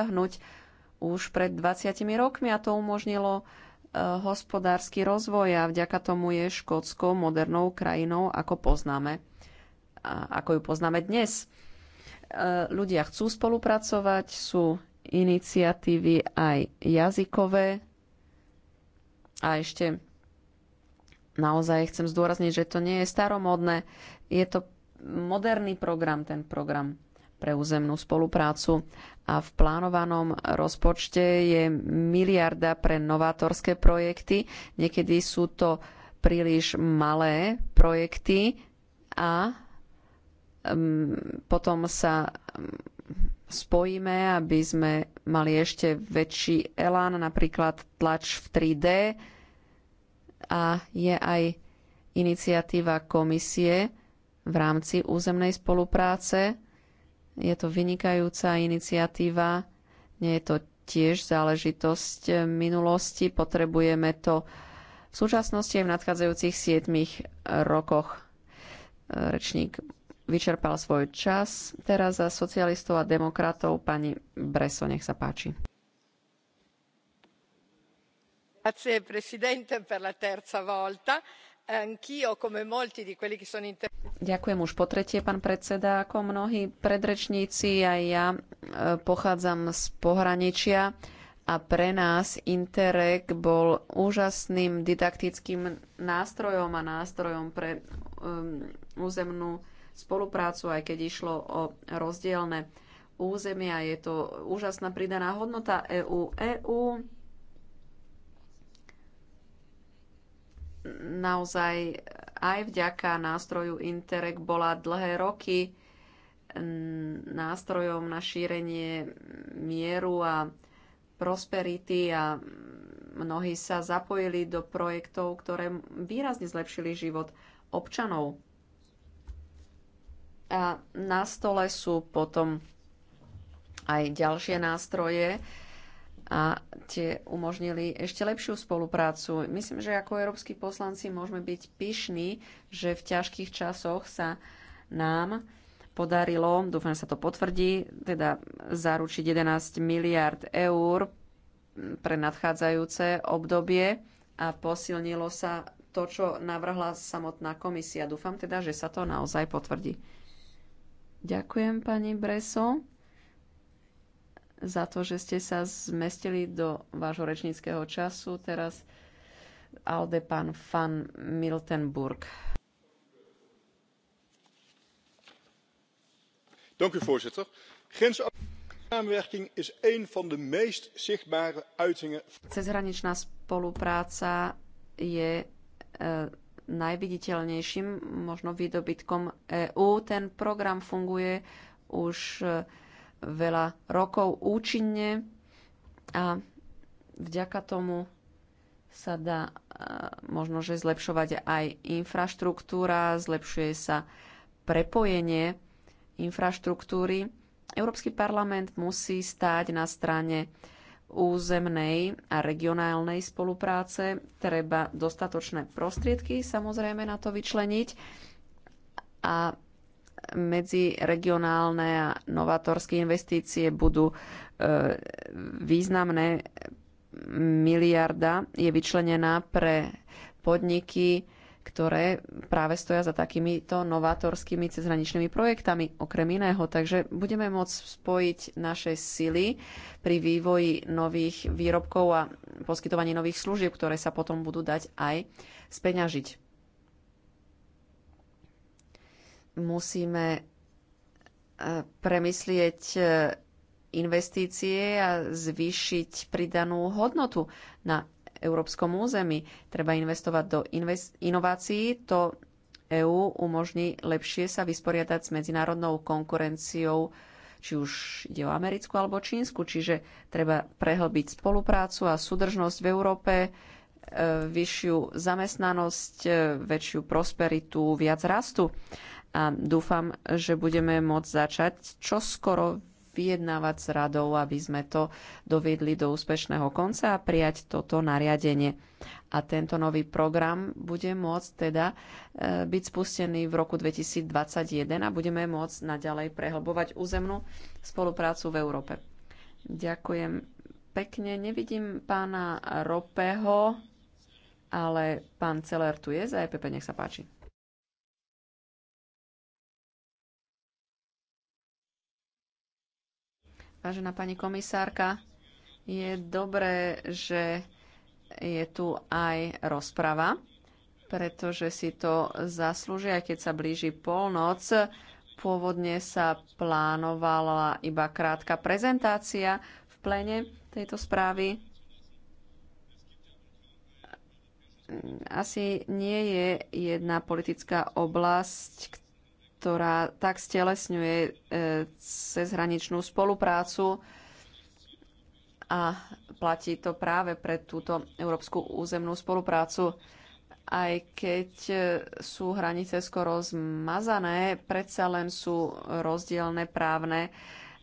dosiahnuť už pred 20 rokmi a to umožnilo e, hospodársky rozvoj a vďaka tomu je Škótsko modernou krajinou, ako poznáme. A ako ju poznáme dnes. E, ľudia chcú spolupracovať, sú iniciatívy aj jazykové. A ešte naozaj chcem zdôrazniť, že to nie je staromodné, je to moderný program, ten program pre územnú spoluprácu. A v plánovanom rozpočte je miliarda pre novátorské projekty. Niekedy sú to príliš malé projekty a mm, potom sa mm, spojíme, aby sme mali ešte väčší elán, napríklad tlač v 3D a je aj iniciatíva komisie v rámci územnej spolupráce je to vynikajúca iniciatíva, nie je to tiež záležitosť minulosti, potrebujeme to v súčasnosti aj v nadchádzajúcich 7 rokoch. Rečník vyčerpal svoj čas. Teraz za socialistov a demokratov pani Breso, nech sa páči. Grazie Presidente per la terza volta. Ďakujem už po tretie, pán predseda. Ako mnohí predrečníci, aj ja e, pochádzam z pohraničia a pre nás Interreg bol úžasným didaktickým nástrojom a nástrojom pre um, územnú spoluprácu, aj keď išlo o rozdielne územia. Je to úžasná pridaná hodnota EÚ. EÚ naozaj aj vďaka nástroju Interreg bola dlhé roky nástrojom na šírenie mieru a prosperity a mnohí sa zapojili do projektov, ktoré výrazne zlepšili život občanov. A na stole sú potom aj ďalšie nástroje, a tie umožnili ešte lepšiu spoluprácu. Myslím, že ako európsky poslanci môžeme byť pyšní, že v ťažkých časoch sa nám podarilo, dúfam, že sa to potvrdí, teda zaručiť 11 miliard eur pre nadchádzajúce obdobie a posilnilo sa to, čo navrhla samotná komisia. Dúfam teda, že sa to naozaj potvrdí. Ďakujem, pani Breso za to, že ste sa zmestili do vášho rečníckého času. Teraz Alde pán van Miltenburg. Dank u voorzitter. is een van de meest zichtbare uitingen. Cezhraničná spolupráca je e, najviditeľnejším možno výdobytkom EÚ. Ten program funguje už e, veľa rokov účinne a vďaka tomu sa dá možno, že zlepšovať aj infraštruktúra, zlepšuje sa prepojenie infraštruktúry. Európsky parlament musí stáť na strane územnej a regionálnej spolupráce. Treba dostatočné prostriedky samozrejme na to vyčleniť a medziregionálne a novatorské investície budú e, významné. Miliarda je vyčlenená pre podniky, ktoré práve stoja za takýmito novatorskými cezhraničnými projektami, okrem iného. Takže budeme môcť spojiť naše sily pri vývoji nových výrobkov a poskytovaní nových služieb, ktoré sa potom budú dať aj speňažiť musíme e, premyslieť e, investície a zvýšiť pridanú hodnotu na európskom území. Treba investovať do invest- inovácií, to EÚ umožní lepšie sa vysporiadať s medzinárodnou konkurenciou, či už ide o americkú alebo čínsku, čiže treba prehlbiť spoluprácu a súdržnosť v Európe, e, vyššiu zamestnanosť, väčšiu prosperitu, viac rastu a dúfam, že budeme môcť začať čoskoro vyjednávať s radou, aby sme to doviedli do úspešného konca a prijať toto nariadenie. A tento nový program bude môcť teda e, byť spustený v roku 2021 a budeme môcť naďalej prehlbovať územnú spoluprácu v Európe. Ďakujem pekne. Nevidím pána Ropeho, ale pán Celer tu je za EPP, nech sa páči. Vážená pani komisárka, je dobré, že je tu aj rozprava, pretože si to zaslúžia, keď sa blíži polnoc. Pôvodne sa plánovala iba krátka prezentácia v plene tejto správy. Asi nie je jedna politická oblasť, ktorá tak stelesňuje e, cezhraničnú spoluprácu a platí to práve pre túto európsku územnú spoluprácu. Aj keď e, sú hranice skoro zmazané, predsa len sú rozdielne právne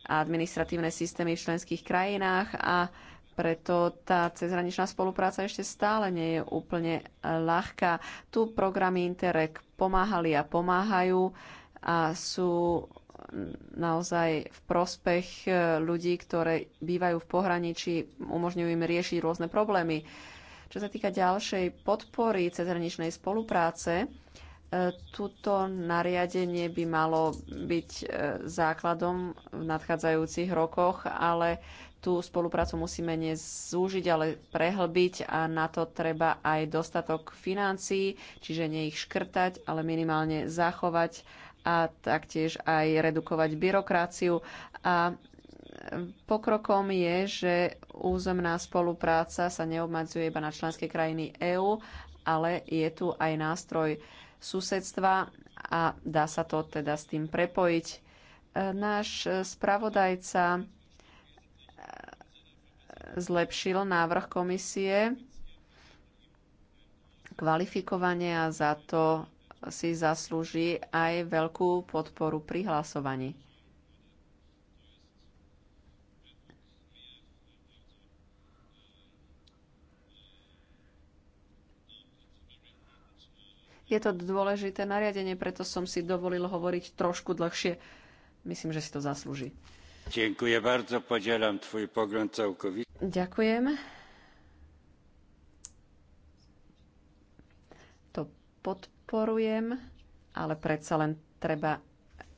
a administratívne systémy v členských krajinách a preto tá cezhraničná spolupráca ešte stále nie je úplne ľahká. Tu programy Interreg pomáhali a pomáhajú a sú naozaj v prospech e, ľudí, ktoré bývajú v pohraničí, umožňujú im riešiť rôzne problémy. Čo sa týka ďalšej podpory cezhraničnej spolupráce, e, Tuto nariadenie by malo byť e, základom v nadchádzajúcich rokoch, ale tú spoluprácu musíme nezúžiť, ale prehlbiť a na to treba aj dostatok financií, čiže ne ich škrtať, ale minimálne zachovať a taktiež aj redukovať byrokraciu. A pokrokom je, že územná spolupráca sa neobmedzuje iba na členské krajiny EÚ, ale je tu aj nástroj susedstva a dá sa to teda s tým prepojiť. E, náš spravodajca e, zlepšil návrh komisie kvalifikovanie a za to si zaslúži aj veľkú podporu pri hlasovaní. Je to dôležité nariadenie, preto som si dovolil hovoriť trošku dlhšie. Myslím, že si to zaslúži. Ďakujem bardzo, podielam tvoj pogląd całkowicie. Ďakujem. To pod podporujem, ale predsa len treba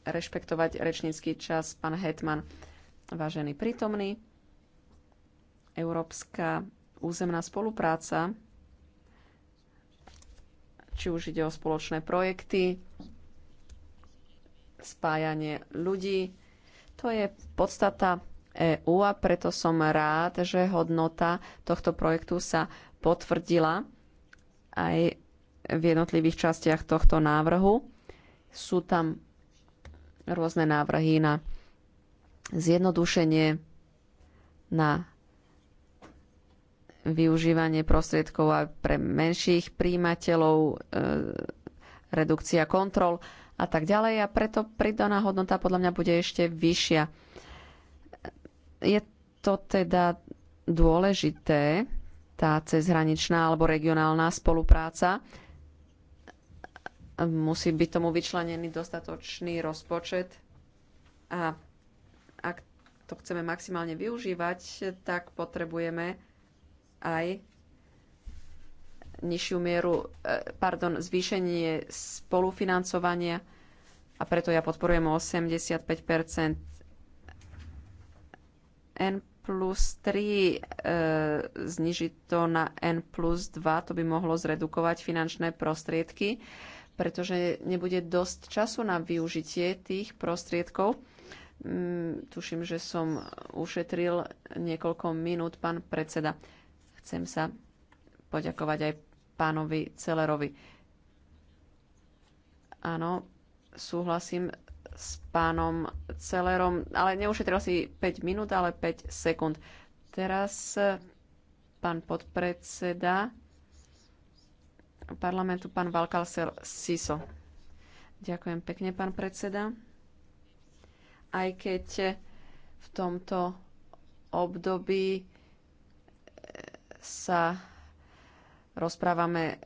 rešpektovať rečnícky čas. Pán Hetman, vážený prítomný, európska územná spolupráca, či už ide o spoločné projekty, spájanie ľudí, to je podstata EÚ a preto som rád, že hodnota tohto projektu sa potvrdila aj v jednotlivých častiach tohto návrhu. Sú tam rôzne návrhy na zjednodušenie, na využívanie prostriedkov aj pre menších príjimateľov, e, redukcia kontrol a tak ďalej. A preto pridaná hodnota podľa mňa bude ešte vyššia. Je to teda dôležité, tá cezhraničná alebo regionálna spolupráca musí byť tomu vyčlenený dostatočný rozpočet a ak to chceme maximálne využívať, tak potrebujeme aj nižšiu mieru, e, pardon, zvýšenie spolufinancovania a preto ja podporujem 85 N plus 3 e, znižiť to na N plus 2, to by mohlo zredukovať finančné prostriedky. E, pretože nebude dosť času na využitie tých prostriedkov. Mm, tuším, že som ušetril niekoľko minút, pán predseda. Chcem sa poďakovať aj pánovi Celerovi. Áno, súhlasím s pánom Celerom, ale neušetril si 5 minút, ale 5 sekúnd. Teraz eh, pán podpredseda parlamentu, pán Valkal Siso. Ďakujem pekne, pán predseda. Aj keď v tomto období eh, sa rozprávame, eh,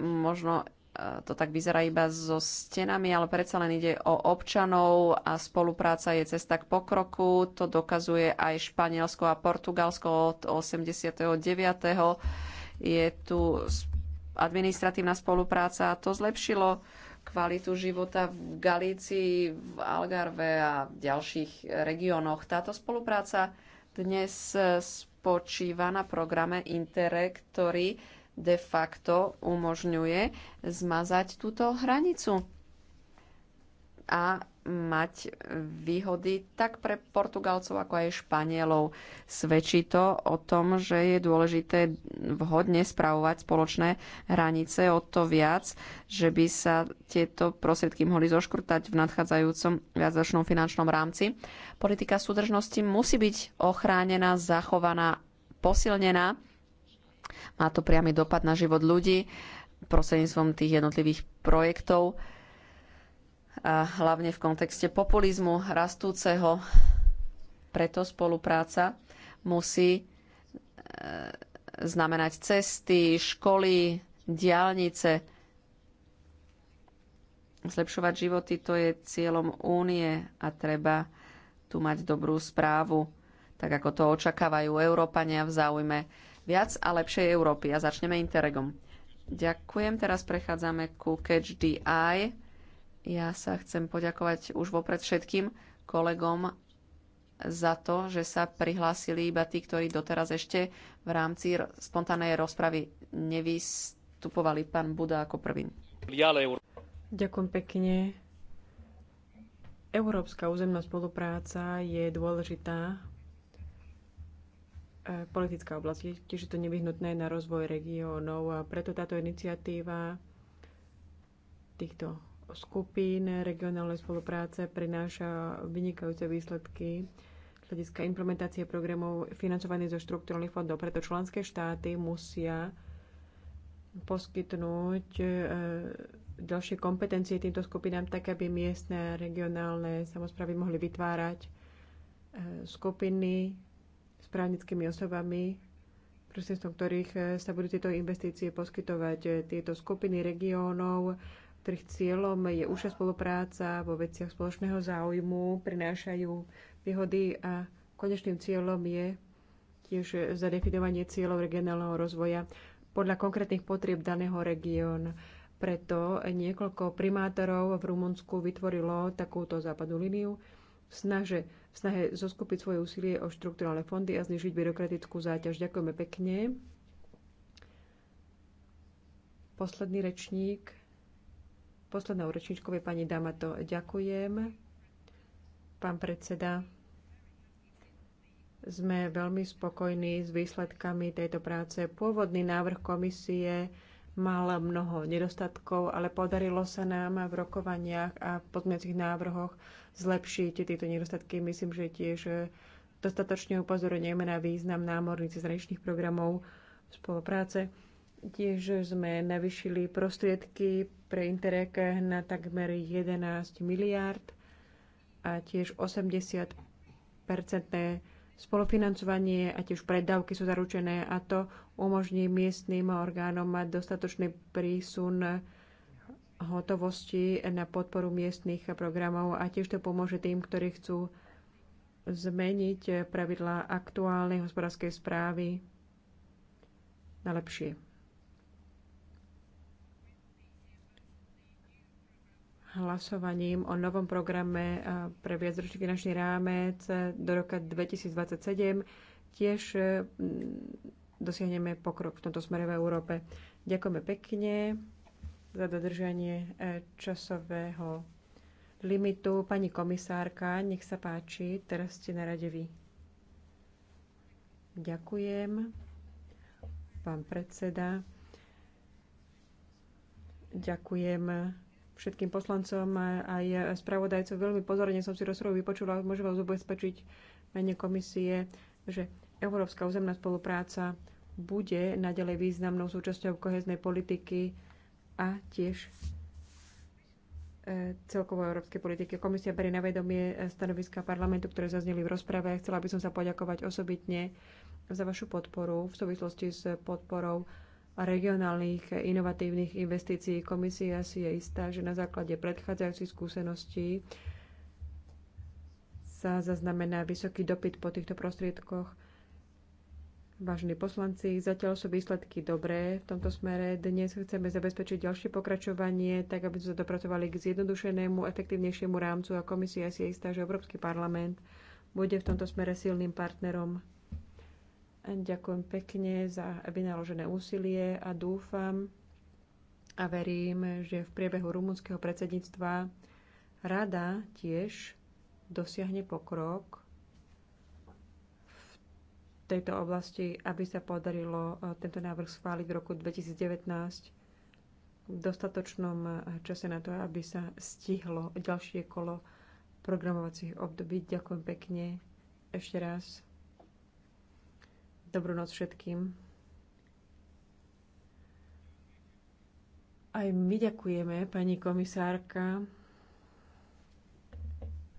možno eh, to tak vyzerá iba so stenami, ale predsa len ide o občanov a spolupráca je cesta k pokroku. To dokazuje aj Španielsko a Portugalsko od 89. Je tu administratívna spolupráca. a To zlepšilo kvalitu života v Galícii, v Algarve a v ďalších regiónoch. Táto spolupráca dnes spočíva na programe Interreg, ktorý de facto umožňuje zmazať túto hranicu. A mať výhody tak pre Portugalcov, ako aj Španielov. Svedčí to o tom, že je dôležité vhodne spravovať spoločné hranice, o to viac, že by sa tieto prostriedky mohli zoškrtať v nadchádzajúcom viacročnom finančnom rámci. Politika súdržnosti musí byť ochránená, zachovaná, posilnená. Má to priamy dopad na život ľudí prostredníctvom tých jednotlivých projektov hlavne v kontexte populizmu rastúceho. Preto spolupráca musí e, znamenať cesty, školy, diálnice, zlepšovať životy, to je cieľom únie a treba tu mať dobrú správu, tak ako to očakávajú Európania v záujme viac a lepšej Európy. A začneme Interregom. Ďakujem, teraz prechádzame ku Catch the Eye. Ja sa chcem poďakovať už vopred všetkým kolegom za to, že sa prihlásili iba tí, ktorí doteraz ešte v rámci spontánnej rozpravy nevystupovali. Pán Buda ako prvý. Ďakujem pekne. Európska územná spolupráca je dôležitá e, politická oblasť. Tiež je to nevyhnutné na rozvoj regiónov a preto táto iniciatíva týchto skupín regionálnej spolupráce prináša vynikajúce výsledky z hľadiska implementácie programov financovaných zo štruktúrnych fondov. Preto členské štáty musia poskytnúť e, ďalšie kompetencie týmto skupinám, tak aby miestne a regionálne samozprávy mohli vytvárať e, skupiny s právnickými osobami, prostredstvom ktorých e, sa budú tieto investície poskytovať. Tieto skupiny regiónov ktorých cieľom je užšia spolupráca vo veciach spoločného záujmu, prinášajú výhody a konečným cieľom je tiež zadefinovanie cieľov regionálneho rozvoja podľa konkrétnych potrieb daného regiónu. Preto niekoľko primátorov v Rumunsku vytvorilo takúto západnú líniu v snahe, v snahe zoskupiť svoje úsilie o štrukturálne fondy a znižiť byrokratickú záťaž. Ďakujeme pekne. Posledný rečník Poslednou rečničkou je pani Damato. Ďakujem. Pán predseda, sme veľmi spokojní s výsledkami tejto práce. Pôvodný návrh komisie mal mnoho nedostatkov, ale podarilo sa nám v rokovaniach a v podmiacich návrhoch zlepšiť tieto nedostatky. Myslím, že tiež dostatočne upozorňujeme na význam námorných zraničných programov spolupráce. Tiež sme navyšili prostriedky pre Interreg na takmer 11 miliárd a tiež 80-percentné spolufinancovanie a tiež predávky sú zaručené a to umožní miestnym orgánom mať dostatočný prísun hotovosti na podporu miestnych programov a tiež to pomôže tým, ktorí chcú zmeniť pravidlá aktuálnej hospodárskej správy na lepšie. hlasovaním o novom programe eh, pre viacročný finančný rámec eh, do roka 2027 tiež eh, dosiahneme pokrok v tomto smere v Európe. Ďakujeme pekne za dodržanie časového limitu. Pani komisárka, nech sa páči, teraz ste na rade vy. Ďakujem. Pán predseda, ďakujem všetkým poslancom aj spravodajcom. Veľmi pozorne som si rozhodu vypočula a môžem vás ubezpečiť mene komisie, že Európska územná spolupráca bude nadalej významnou súčasťou koheznej politiky a tiež e, celkovo európskej politiky. Komisia berie na vedomie e, stanoviska parlamentu, ktoré zazneli v rozprave. Chcela by som sa poďakovať osobitne za vašu podporu v súvislosti s podporou regionálnych inovatívnych investícií. Komisia si je istá, že na základe predchádzajúcich skúseností sa zaznamená vysoký dopyt po týchto prostriedkoch. Vážení poslanci, zatiaľ sú výsledky dobré v tomto smere. Dnes chceme zabezpečiť ďalšie pokračovanie, tak aby sme sa dopracovali k zjednodušenému, efektívnejšiemu rámcu a komisia si je istá, že Európsky parlament bude v tomto smere silným partnerom Ďakujem pekne za vynaložené úsilie a dúfam a verím, že v priebehu rumunského predsedníctva rada tiež dosiahne pokrok v tejto oblasti, aby sa podarilo eh, tento návrh schváliť v roku 2019 v dostatočnom eh, čase na to, aby sa stihlo ďalšie kolo programovacích období. Ďakujem pekne ešte raz. Dobrú noc všetkým. Aj my ďakujeme, pani komisárka,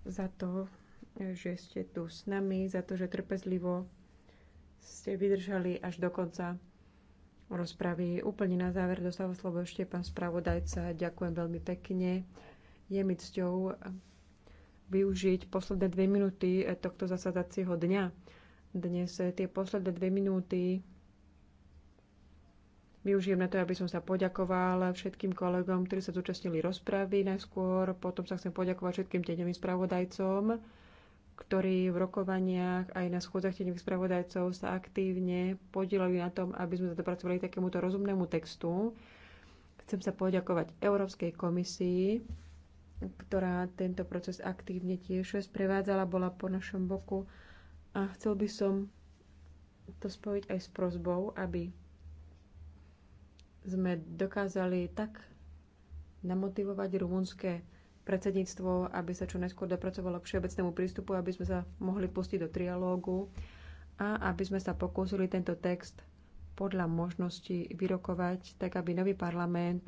za to, že ste tu s nami, za to, že trpezlivo ste vydržali až do konca rozpravy. Úplne na záver dostáva slovo ešte pán spravodajca. Ďakujem veľmi pekne. Je mi cťou využiť posledné dve minúty tohto zasadacieho dňa dnes eh, tie posledné dve minúty využijem na to, aby som sa poďakoval všetkým kolegom, ktorí sa zúčastnili rozpravy najskôr. Potom sa chcem poďakovať všetkým tieňovým spravodajcom, ktorí v rokovaniach aj na schôdzach tieňových spravodajcov sa aktívne podielali na tom, aby sme sa dopracovali k takémuto rozumnému textu. Chcem sa poďakovať Európskej komisii, ktorá tento proces aktívne tiež sprevádzala, bola po našom boku. A chcel by som to spojiť aj s prozbou, aby sme dokázali tak namotivovať rumunské predsedníctvo, aby sa čo najskôr dopracovalo k všeobecnému prístupu, aby sme sa mohli pustiť do trialógu a aby sme sa pokúsili tento text podľa možnosti vyrokovať, tak aby nový parlament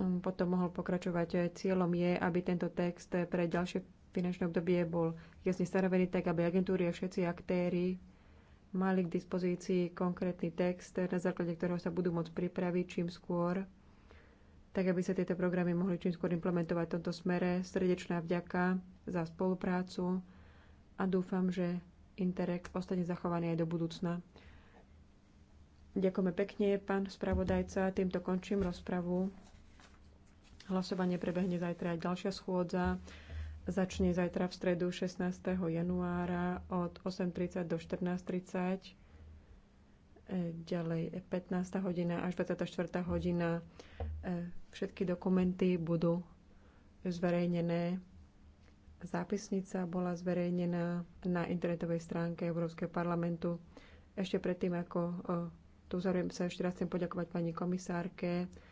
um, potom mohol pokračovať. Cieľom je, aby tento text pre ďalšie finančné obdobie bol jasne stanovený tak, aby agentúry a všetci aktéry mali k dispozícii konkrétny text, na základe ktorého sa budú môcť pripraviť čím skôr, tak aby sa tieto programy mohli čím skôr implementovať v tomto smere. Srdečná vďaka za spoluprácu a dúfam, že Interreg ostane zachovaný aj do budúcna. Ďakujeme pekne, pán spravodajca. Týmto končím rozpravu. Hlasovanie prebehne zajtra aj ďalšia schôdza začne zajtra v stredu 16. januára od 8.30 do 14.30, e, ďalej 15. hodina až 24. hodina. E, všetky dokumenty budú zverejnené. Zápisnica bola zverejnená na internetovej stránke Európskeho parlamentu. Ešte predtým, ako e, tu zároveň sa ešte raz chcem poďakovať pani komisárke,